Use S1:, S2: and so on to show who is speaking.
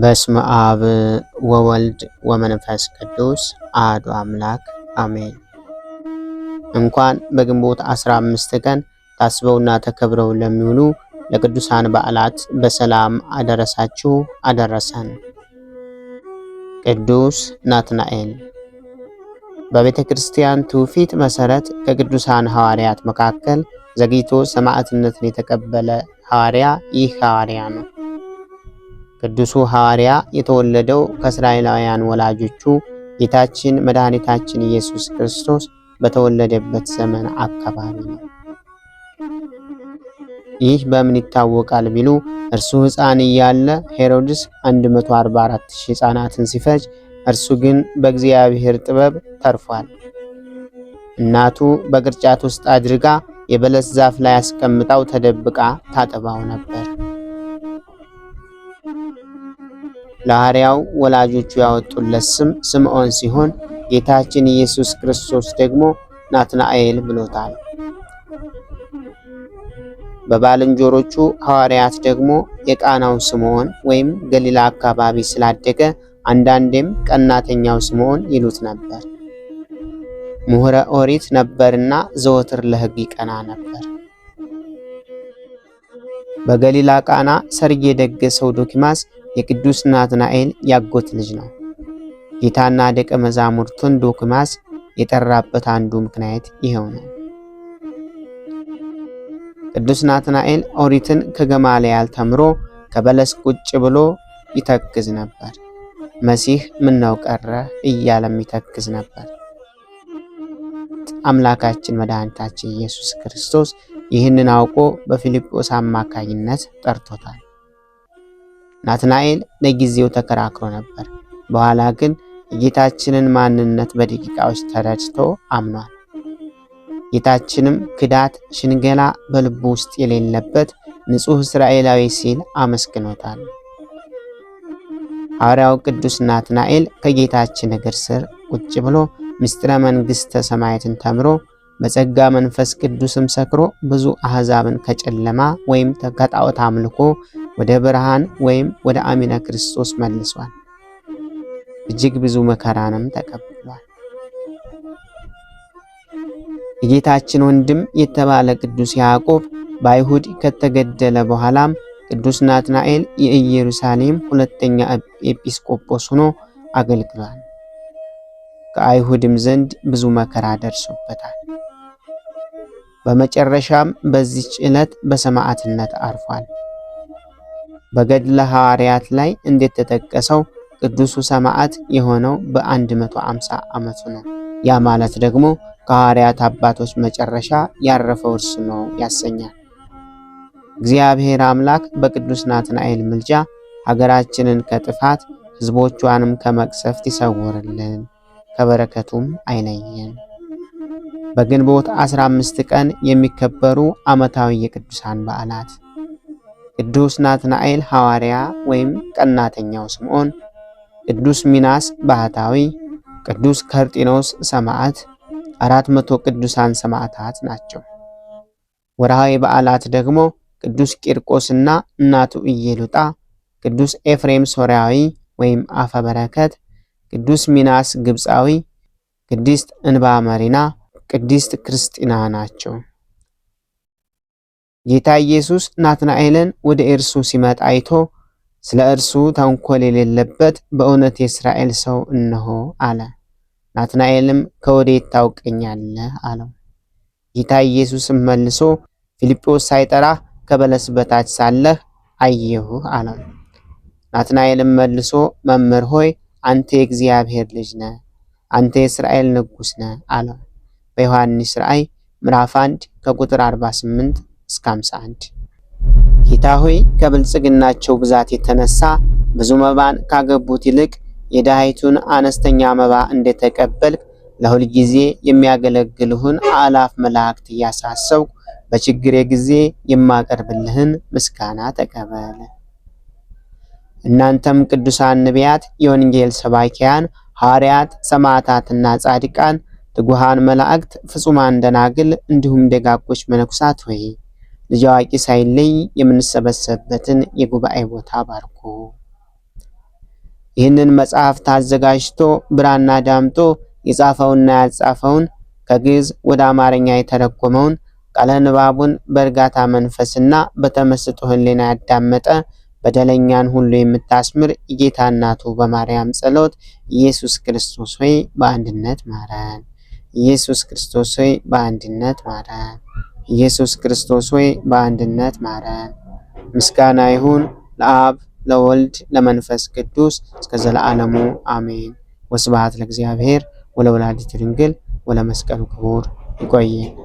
S1: በስመ አብ ወወልድ ወመንፈስ ቅዱስ አሐዱ አምላክ አሜን። እንኳን በግንቦት 15 ቀን ታስበውና ተከብረው ለሚውሉ ለቅዱሳን በዓላት በሰላም አደረሳችሁ አደረሰን። ቅዱስ ናትናኤል በቤተ ክርስቲያን ትውፊት መሰረት ከቅዱሳን ሐዋርያት መካከል ዘግይቶ ሰማዕትነትን የተቀበለ ሐዋርያ ይህ ሐዋርያ ነው። ቅዱሱ ሐዋርያ የተወለደው ከእስራኤላውያን ወላጆቹ ጌታችን መድኃኒታችን ኢየሱስ ክርስቶስ በተወለደበት ዘመን አካባቢ ነው። ይህ በምን ይታወቃል ቢሉ እርሱ ሕፃን እያለ ሄሮድስ 144 ሺህ ሕፃናትን ሲፈጅ እርሱ ግን በእግዚአብሔር ጥበብ ተርፏል። እናቱ በቅርጫት ውስጥ አድርጋ የበለስ ዛፍ ላይ አስቀምጣው ተደብቃ ታጠባው ነበር። ለሐዋርያው ወላጆቹ ያወጡለት ስም ስምዖን ሲሆን ጌታችን ኢየሱስ ክርስቶስ ደግሞ ናትናኤል ብሎታል። በባልንጀሮቹ ሐዋርያት ደግሞ የቃናው ስምዖን ወይም ገሊላ አካባቢ ስላደገ አንዳንዴም ቀናተኛው ስምዖን ይሉት ነበር። ምሁረ ኦሪት ነበርና ዘወትር ለሕግ ይቀና ነበር። በገሊላ ቃና ሰርግ የደገሰው ዶኪማስ የቅዱስ ናትናኤል ያጎት ልጅ ነው። ጌታና ደቀ መዛሙርቱን ዶክማስ የጠራበት አንዱ ምክንያት ይኸው ነው። ቅዱስ ናትናኤል ኦሪትን ከገማልያል ተምሮ ከበለስ ቁጭ ብሎ ይተክዝ ነበር። መሲህ ምነው ቀረ እያለም ይተክዝ ነበር። አምላካችን መድኃኒታችን ኢየሱስ ክርስቶስ ይህንን አውቆ በፊልጶስ አማካኝነት ጠርቶታል። ናትናኤል ለጊዜው ተከራክሮ ነበር። በኋላ ግን የጌታችንን ማንነት በደቂቃዎች ተረድቶ አምኗል። ጌታችንም ክዳት፣ ሽንገላ በልቡ ውስጥ የሌለበት ንጹሕ እስራኤላዊ ሲል አመስግኖታል። ሐዋርያው ቅዱስ ናትናኤል ከጌታችን እግር ስር ቁጭ ብሎ ምስጢረ መንግሥተ ሰማያትን ተምሮ በጸጋ መንፈስ ቅዱስም ሰክሮ ብዙ አሕዛብን ከጨለማ ወይም ከጣዖት አምልኮ ወደ ብርሃን ወይም ወደ አሚነ ክርስቶስ መልሷል። እጅግ ብዙ መከራንም ተቀብሏል። የጌታችን ወንድም የተባለ ቅዱስ ያዕቆብ በአይሁድ ከተገደለ በኋላም ቅዱስ ናትናኤል የኢየሩሳሌም ሁለተኛ ኤጲስቆጶስ ሆኖ አገልግሏል። ከአይሁድም ዘንድ ብዙ መከራ ደርሶበታል። በመጨረሻም በዚች ዕለት በሰማዕትነት አርፏል። በገድለ ሐዋርያት ላይ እንደተጠቀሰው ቅዱሱ ሰማዕት የሆነው በ150 ዓመቱ ነው። ያ ማለት ደግሞ ከሐዋርያት አባቶች መጨረሻ ያረፈው እርሱ ነው ያሰኛል። እግዚአብሔር አምላክ በቅዱስ ናትናኤል ምልጃ ሀገራችንን ከጥፋት ሕዝቦቿንም ከመቅሰፍት ይሰውርልን፣ ከበረከቱም አይለየን። በግንቦት 15 ቀን የሚከበሩ ዓመታዊ የቅዱሳን በዓላት ቅዱስ ናትናኤል ሐዋርያ ወይም ቀናተኛው ስምዖን፣ ቅዱስ ሚናስ ባህታዊ፣ ቅዱስ ከርጢኖስ ሰማዕት አራት መቶ ቅዱሳን ሰማዕታት ናቸው። ወርሃዊ በዓላት ደግሞ ቅዱስ ቂርቆስና እናቱ ኢየሉጣ፣ ቅዱስ ኤፍሬም ሶርያዊ ወይም አፈ በረከት፣ ቅዱስ ሚናስ ግብፃዊ፣ ቅድስት እንባ መሪና ቅድስት ክርስቲና ናቸው። ጌታ ኢየሱስ ናትናኤልን ወደ እርሱ ሲመጣ አይቶ ስለ እርሱ ተንኮል የሌለበት በእውነት የእስራኤል ሰው እነሆ አለ። ናትናኤልም ከወዴት ታውቀኛለህ አለው። ጌታ ኢየሱስም መልሶ ፊልጶስ ሳይጠራ ከበለስ በታች ሳለህ አየሁህ አለው። ናትናኤልም መልሶ መምህር ሆይ አንተ የእግዚአብሔር ልጅ ነህ፣ አንተ የእስራኤል ንጉሥ ነህ አለው። በዮሐንስ ራእይ ምዕራፍ 1 ከቁጥር 48 እስከ 51 ጌታ ሆይ ከብልጽግናቸው ብዛት የተነሳ ብዙ መባን ካገቡት ይልቅ የድሃይቱን አነስተኛ መባ እንደተቀበልክ ለሁል ጊዜ የሚያገለግልህን አላፍ መላእክት እያሳሰብኩ በችግሬ ጊዜ የማቀርብልህን ምስጋና ተቀበል። እናንተም ቅዱሳን ነቢያት፣ የወንጌል ሰባኪያን ሐዋርያት፣ ሰማዕታትና ጻድቃን ትጉሃን መላእክት፣ ፍጹማን ደናግል እንዲሁም ደጋጎች መነኩሳት ሆይ ልጅ አዋቂ ሳይለይ የምንሰበሰብበትን የጉባኤ ቦታ ባርኩ። ይህንን መጽሐፍ ታዘጋጅቶ ብራና ዳምጦ የጻፈውና ያጻፈውን ከግዕዝ ወደ አማርኛ የተረጎመውን ቃለ ንባቡን በእርጋታ መንፈስና በተመስጦ ሕሊና ያዳመጠ በደለኛን ሁሉ የምታስምር የጌታ እናቱ በማርያም ጸሎት ኢየሱስ ክርስቶስ ሆይ በአንድነት ማረን። ኢየሱስ ክርስቶስ ሆይ በአንድነት ማረን። ኢየሱስ ክርስቶስ ሆይ በአንድነት ማረን። ምስጋና ይሁን ለአብ ለወልድ ለመንፈስ ቅዱስ እስከ ዘለዓለሙ አሜን። ወስብሐት ለእግዚአብሔር ወለወላዲቱ ድንግል ወለመስቀሉ ክቡር። ይቆየን።